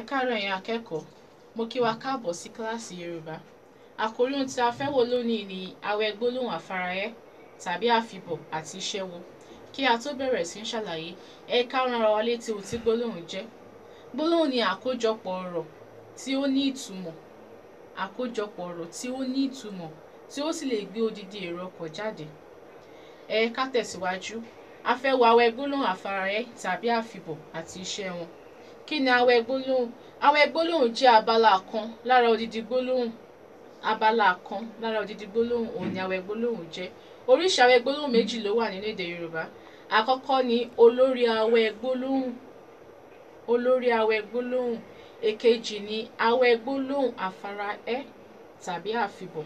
ẹ káàárọ̀ ẹ̀yin akẹ́kọ̀ọ́ mo kí wa káàbọ̀ sí kíláàsì yorùbá àkórí ohun tí a fẹ́ wò lónìí ni awẹ́ gbólóhùn àfarayẹ́ tàbí àfibọ̀ àti iṣẹ́ wo kí a tó bẹ̀rẹ̀ sí ń ṣàlàyé ẹ ká rán ara wa létí ohun tí gbólóhùn jẹ́ gbólóhùn ni àkójọpọ̀ ọ̀rọ̀ tí ó ní ìtumọ̀ àkójọpọ̀ ọ̀rọ̀ tí ó ní ìtumọ̀ tí ó sì lè gbé odidi èrò ọkọ̀ jáde ẹ ká tẹ̀síwájú a fẹ́ wo awẹ́ gbólóhùn àfarayẹ́ tàbí àfibọ̀ àti iṣẹ́ wọn Kí ni awẹ́ gbólóhùn? Awẹ́ gbólóhùn jẹ́ abala kan lára odidi gbólóhùn. Abala kan lára odidi gbólóhùn òun ni awẹ́ gbólóhùn jẹ́. Oríṣi awẹ́ gbólóhùn méjì ló wà nínú èdè Yorùbá. Àkọ́kọ́ ni olórí awẹ́ gbólóhùn. Olórí awẹ́ gbólóhùn. Èkejì ni awẹ́ gbólóhùn àfara ẹ́ tàbí àfibọ̀.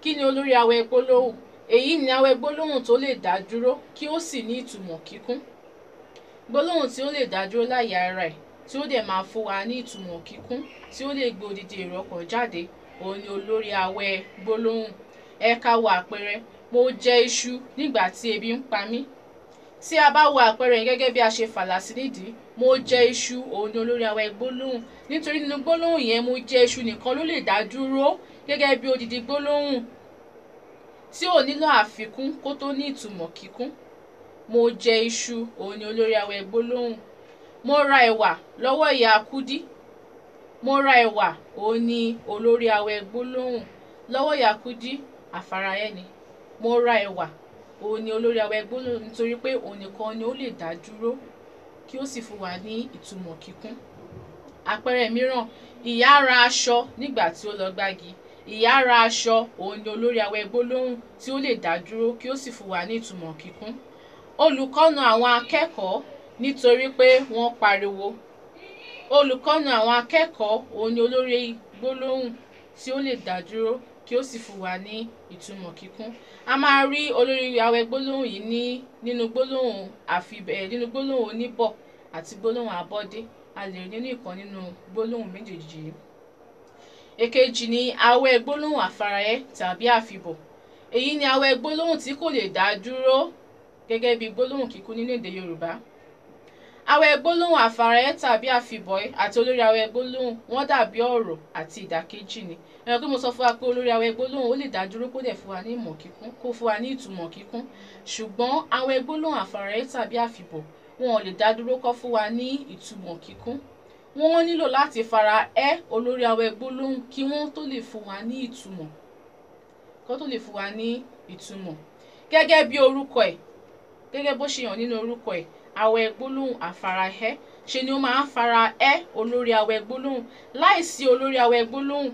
Kí ni olórí awẹ́ gbólóhùn? Èyí ni awẹ́ gbólóhùn tó lè dá dúró kí ó sì ní ìtumọ̀ kíkún. Gbólóhùn tí ó lè dá dúró láyè ara ẹ̀ tí ó dẹ̀ máa fún wa ní ìtumọ̀ kíkún tí ó lè gbé odidi èrò ọkàn jáde òun ni olórí awẹ́ gbólóhùn ẹ wo àpẹẹrẹ mo jẹ iṣu nígbà tí ebi ń pa mí tí a bá wo àpẹẹrẹ yẹn gẹ́gẹ́ bí a ṣe fàlà sí nídìí mo jẹ iṣu òun ni olórí awẹ́ gbólóhùn nítorí nínú gbólóhùn yẹn mo jẹ iṣu nìkan ló lè dá dúró gẹ́gẹ́ bí odidi gbólóhùn tí ò nílò àfikún kó tó ní ìtumọ̀ kíkún mo jẹ iṣu òun ni olórí awẹ́ gbólóhùn mo ra ẹ̀wà lọ́wọ́ ìyá kúdí mo ra ẹ̀wà òun ni olórí awẹ gbólóhùn lọ́wọ́ ìyá kúdí àfarayẹ́ ni mo ra ẹ̀wà òun ni olórí awẹ gbólóhùn nítorí pé òun nìkan ni ó lè dá dúró kí ó sì fún wa ní ìtumọ̀ kíkún àpẹẹrẹ mìíràn ìyá ra aṣọ nígbà tí ó lọ gbági ìyá ra aṣọ òun ni olórí awẹ gbólóhùn tí ó lè dá dúró kí ó sì fún wa ní ìtumọ̀ kíkún olùkọ́ àwọn akẹ́kọ̀ọ́ nítorí pé wọ́n pariwo olùkọ́ni àwọn akẹ́kọ̀ọ́ òun ni olórí gbólóhùn tí ó lè dá dúró kí ó sì fún wa ní ìtumọ̀ kíkún a máa rí olórí awẹ gbólóhùn yìí ní nínú gbólóhùn àfibẹ̀ eh, nínú gbólóhùn oníbọ̀ àti gbólóhùn abọ́dé a lè rí nínú ìkan nínú gbólóhùn méjèèjì yìí èkejì ni awẹ gbólóhùn àfarayẹ tàbí àfibọ̀ èyí ni awẹ gbólóhùn tí kò lè dá dúró gẹ́gẹ́ bí gbólóhùn kíkún nínú èdè Yorùbá Àwẹ̀ gbólóhùn àfarayé tàbí àfibọ̀ẹ́ àti olórí àwẹ̀ gbólóhùn wọ́n dàbí ọ̀rọ̀ àti ìdàkejì ni. Ẹ̀rọ pé mo sọ fún wa pé olórí àwẹ̀ gbólóhùn ó lè dá dúró kó dẹ̀ fún wa ní ìmọ̀ kíkún kó fún wa ní ìtumọ̀ kíkún. Ṣùgbọ́n àwẹ̀ gbólóhùn àfarayé tàbí àfibọ̀ wọn ò lè dá dúró fún wa ní ìtumọ̀ kíkún. Wọ́n nílò láti fara ẹ́ olórí àwẹ̀ gbólóhùn kí wọ́n tó lè fún wa ní ìtumọ̀. Kó tó lè fún wa ní ìtumọ̀. Gẹ́gẹ́ bí orúkọ ẹ̀ gẹ́gẹ́ bó ṣe hàn nínú orúkọ ẹ̀ awẹ gbólóhùn àfarahẹ́ ṣe ni ó máa ń fara ẹ́ olórí awẹ gbólóhùn láìsí olórí awẹ gbólóhùn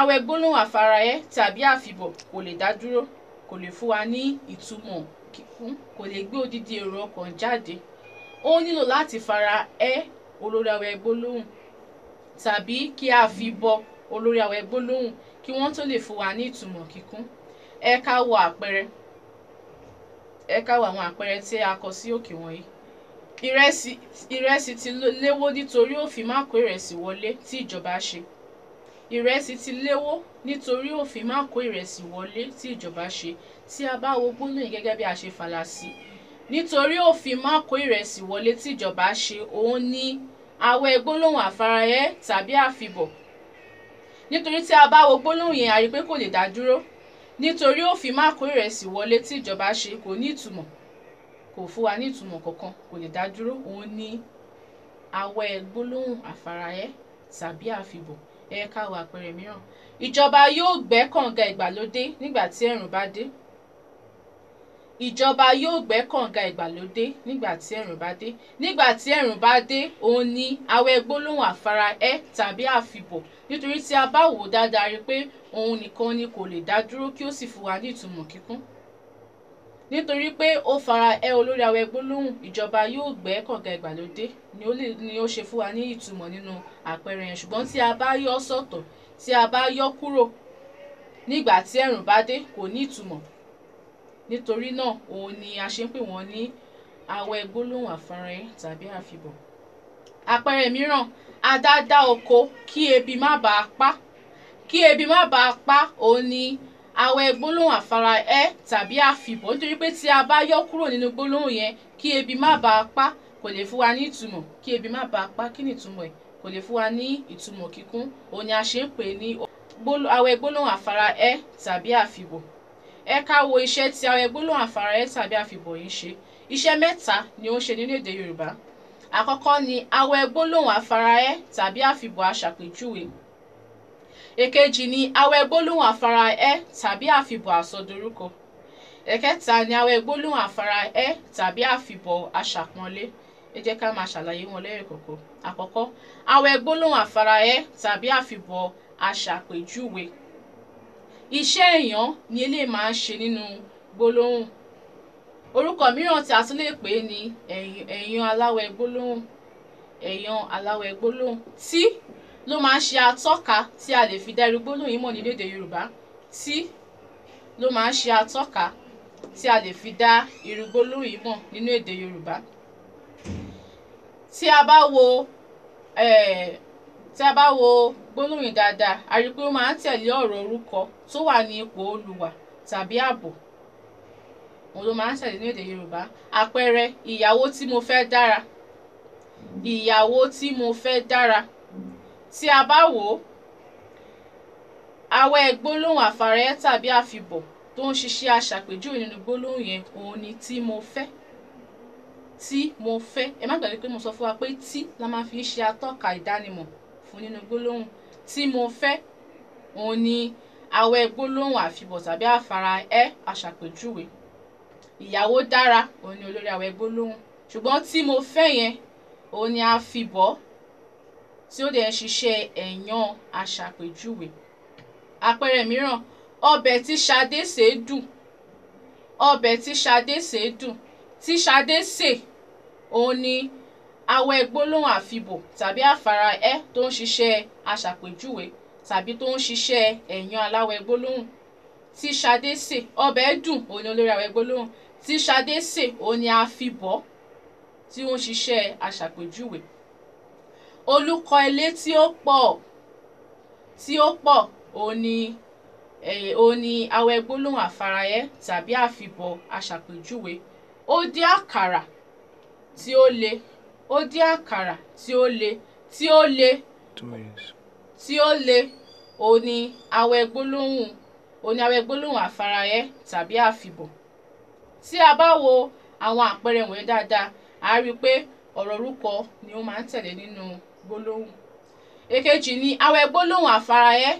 awẹ gbólóhùn àfarahẹ́ tàbí àfibọ̀ kò lè dá dúró kò lè fún wa ní ìtumọ̀ kíkún hmm, kò lè gbé odidi èrò ọkàn jáde ó nílò láti fara ẹ́ olórí awẹ gbólóhùn tàbí kí a fi bọ olórí awẹ gbólóhùn kí wọ́n tó lè fún wa ní ìtumọ̀ kíkún ẹ ká wo àpẹẹrẹ ẹ káwọ àwọn àpẹẹrẹ tí a kọ sí òkè wọ̀nyí. ìrẹsì ìrẹsì ti léwó nítorí òfin má kó ìrẹsì wọlé tí ìjọba ṣe. ìrẹsì ti léwó nítorí òfin má kó ìrẹsì wọlé tí ìjọba ṣe tí a bá wo gbólóyìn gẹ́gẹ́ bí a ṣe fàlà sí. nítorí òfin má ìrẹsì wọlé tí ìjọba ṣe òun ni àwẹ̀ gbólóhùn àfarayẹ́ tàbí àfibọ̀ nítorí tí a bá wo gbólóhùn yẹn a rí i pé kò lè dá dúró nítorí òfin má kó ìrẹsì wọlé tí ìjọba ṣe kò ní ìtumọ̀ kò fún wa ní ìtumọ̀ kankan kò lè dá dúró òun ní àwẹ̀ gbólóhùn àfarayẹ́ tàbí àfibọ̀ ẹ ká àpẹẹrẹ mìíràn ìjọba yóò gbẹ́ kànga ìgbàlódé nígbà tí ẹ̀rùn bá dé ìjọba yóò gbẹ́ kànga ìgbàlódé nígbà tí ẹ̀rùn bá dé nígbà tí ẹ̀rùn bá dé òun ni awẹ́ gbólóhùn àfara ẹ́ tàbí àfibọ̀ nítorí tí a bá wò ó dáadáa rí i pé òun nìkan ni kò lè dá dúró kí ó sì fún wa ní ìtumọ̀ kíkún nítorí pé ó fara ẹ́ olórí awẹ́ gbólóhùn ìjọba yóò gbẹ́ kànga ìgbàlódé ni ó lè ni ó ṣe fún wa ní ìtumọ̀ nínú àpẹẹrẹ yẹn ṣùgbọ́n tí a bá yọ sọ́tọ̀ tí a bá yọ kúrò nígbà tí ẹ̀rùn bá dé kò ní ìtumọ̀ nítorí náà òun ni a ṣe ń pè wọ́n ní awẹ́ gbólóhùn àfarẹ́ tàbí àfibọ̀. àpẹẹrẹ mìíràn adá oko kí ebi má bà á pa kí ebi má bà á pa òun ni awẹ́ gbólóhùn àfara ẹ́ tàbí àfibọ̀ nítorí pé tí a bá yọ kúrò nínú gbólóhùn yẹn kí ebi má bà á pa kò lè fún wa ní ìtumọ̀ kí ebi má bà á pa kí ni ìtumọ̀ ẹ̀ kò lè fún wa ní ìtumọ̀ kíkún òun ni a ṣe ń pè ní awẹ́ gbólóhùn àfara ẹ́ tàbí àfibọ̀ ẹ̀ka wo iṣẹ́ tí àwọn gbólóhùn àfarahẹ́ tàbí àfibọ̀yìn ṣe iṣẹ́ mẹ́ta ni ó ń ṣe nínú èdè Yorùbá àkọ́kọ́ ni awẹ́ gbólóhùn àfarahẹ́ tàbí àfibọ̀ aṣàpèjúwe èkejì ni awẹ́ gbólóhùn àfarahẹ́ tàbí àfibọ̀ àsọdorúkọ ẹ̀kẹta ni awẹ́ gbólóhùn àfarahẹ́ tàbí àfibọ̀ aṣàpọ́nlé ẹ jẹ́ ká máa ṣàlàyé wọn lẹ́yìn kọ̀ọ̀kan àkọ́kọ́ awẹ́ gbólóhùn àfarahẹ́ tàbí àfibọ̀ aṣàpèjúwe iṣẹ́ èèyàn ni eléyìí máa ń ṣe nínú gbólóhùn orúkọ mìíràn tí a tún lè pè é ni ẹ̀yán aláwẹ̀ gbólóhùn ẹ̀yán aláwẹ̀ gbólóhùn tí ló máa ń ṣe atọ́ka tí a lè fi dá irú gbólóhùn yìí mọ̀ nínú èdè Yorùbá tí ló máa ń ṣe atọ́ka tí a lè fi dá irú gbólóhùn yìí mọ̀ nínú èdè Yorùbá tí a bá wo tí a bá wo gbólóhùn yìí dáadáa a rí i pé ó máa ń tẹ̀lé ọ̀rọ̀ orúkọ tó wà ní ipò olùwà tàbí ààbò òun ló máa ń tẹ̀lé ní èdè yorùbá àpẹẹrẹ ìyàwó tí mo fẹ́ dára ìyàwó tí mo fẹ́ dára tí a bá wò ó awẹ́ gbólóhùn àfàrẹ́ tàbí àfibọ̀ tó ń ṣiṣẹ́ aṣàpèjúwe nínú gbólóhùn yẹn òun ni tí mo fẹ́ tí mo fẹ́ ẹ má gbàgbé pé mo sọ fún wa pé tí la máa fi ń ṣe atọ́ka ìdánimọ̀ fún nínú gbólóhùn tí mo fẹ́ òun ni awẹ́ gbólóhùn àfibọ̀ tàbí àfara ẹ́ aṣàpèjúwe ìyàwó dára òun ni olórí awẹ́ gbólóhùn ṣùgbọ́n tí mo fẹ́ yẹn òun ni àfibọ̀ tí ó dẹ̀ ń ṣiṣẹ́ ẹ̀yán aṣàpèjúwe àpẹẹrẹ mìíràn ọbẹ̀ tí Ṣadé sè é dùn ọbẹ̀ tí Ṣadé sè é dùn tí Ṣadé sè òun ni Àwẹ̀ gbólóhùn àfibò tàbí àfara ẹ́ tó ń ṣiṣẹ́ aṣàpèjúwe tàbí tó ń ṣiṣẹ́ ẹ̀yán aláwẹ̀ gbólóhùn. Tí Ṣadé sè ọbẹ̀ dùn òun ni olórí àwẹ̀ gbólóhùn. Tí Ṣadé sè òun ni àfibọ̀ tí ó ń ṣiṣẹ́ aṣàpèjúwe. Olú kọ́ ilé tí ó pọ̀ tí ó pọ̀ òun ni òun ni àwẹ̀ gbólóhùn àfara ẹ́ tàbí àfibọ̀ aṣàpèjúwe. Ó dín àkàrà tí ó le ó dín àkàrà tí ó le tí ó le tí ó le òní awẹ́ gbólóhùn òní awẹ́ gbólóhùn àfarahẹ́ tàbí àfibọ̀ tí a bá wo àwọn àpẹẹrẹ wọ̀nyí dáadáa a rí i pé ọ̀rọ̀ orúkọ ni ó máa ń tẹ̀lé nínú gbólóhùn èkejì ni awẹ́ gbólóhùn àfarahẹ́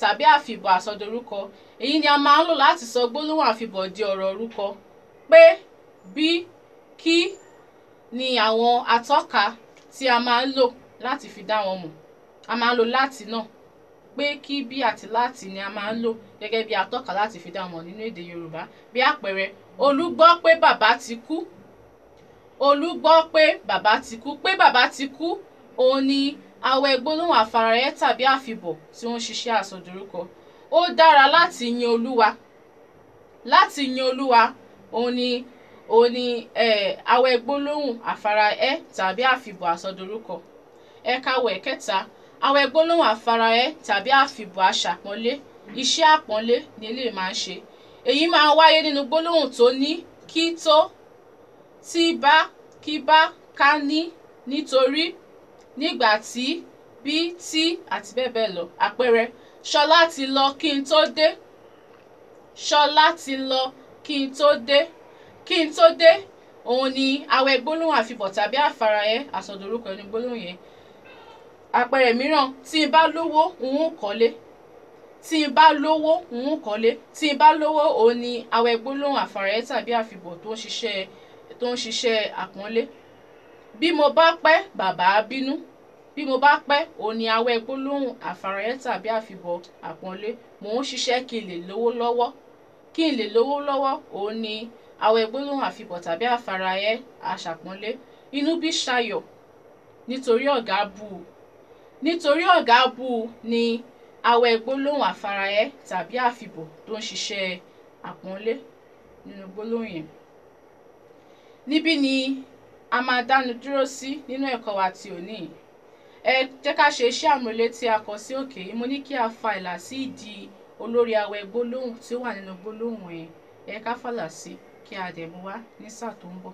tàbí àfibọ̀ àsọdorúkọ èyí ni a máa ń lò láti sọ gbólóhùn àfibọ̀ di ọ̀rọ̀ orúkọ pé bí kí ni àwọn atọ́ka tí a máa ń lò láti fi dá wọn mọ̀. A máa ń lo láti náà pé kí bí àti láti ni a máa ń lò gẹ́gẹ́ bí atọ́ka láti fi dá wọn mọ̀ nínú èdè Yorùbá. Bí àpẹẹrẹ Olú gbọ́ pé bàbá ti kú Olú gbọ́ pé bàbá ti kú pé bàbá ti kú òun ni àwọn ẹgbólóhùn àfararẹ́ tàbí àfibọ̀ tí ó ṣiṣẹ́ àsọdorúkọ. Ó dára láti yin Olúwa láti yin Olúwa òun ni ó ní awẹ gbólóhùn àfara ẹ tàbí àfibọ̀ àsọdorúkọ ẹ̀ka awẹ kẹta awẹ gbólóhùn àfara ẹ tàbí àfibọ̀ àṣàpọ́nlé iṣẹ́ àpọ́nlé ni eléyìí máa ń ṣe èyí máa ń wáyé nínú gbólóhùn tó ní kí tó tí bá kí bá ká ní nítorí nígbà tí bí tí àti bẹ́ẹ̀ bẹ́ẹ̀ lọ àpẹẹrẹ ṣọlá ti lọ kí n tó dé ṣọlá ti lọ kí n tó dé kí n tó dé òun ni awẹ́ gbólóhùn àfibọ̀ tàbí àfarahẹ́ àsọdorúkọ ẹni gbólóhùn yẹn àpẹẹrẹ mìíràn tí n bá lówó n ó kọ́lé tí n bá lówó n ó kọ́lé tí n bá lówó òun ni awẹ́ gbólóhùn àfarahẹ́ tàbí àfibọ̀ tó ń ṣiṣẹ́ tó ń ṣiṣẹ́ àpọ́nlé bí mo bá pẹ́ bàbá bínú bí mo bá pẹ́ òun ni awẹ́ gbólóhùn àfarahẹ́ tàbí àfibọ̀ àpọ́nlé mò ń ṣiṣẹ́ kí n lè lówó lọ́wọ́ kí n lè lówó lọ́wọ́ òun ni. Àwẹ̀ gbólóhùn àfibọ̀ tàbí àfarayẹ́ aṣàpọ́nlé. Inú bí Ṣayọ̀ nítorí ọ̀gá bú u. Nítorí ọ̀gá bú u ni àwẹ̀ gbólóhùn àfarayẹ́ tàbí àfibọ̀ tó ń ṣiṣẹ́ àpọ́nlé nínú gbólóhùn yẹn. Níbí ni a máa dánu dúró sí nínú ẹ̀kọ́ wa ti òní yìí. Ẹ jẹ́ ká ṣe iṣẹ́ àmúrelé tí a kọ sí òkè yìí. Mo ní kí a fa ìlà sí ìdí olórí àwẹ̀ gbólóhùn tí ó wà nínú gbólóhùn yẹn. Ẹ ká fàlà sí i kí a dẹ̀ mú wá ní sáà tó ń bọ̀.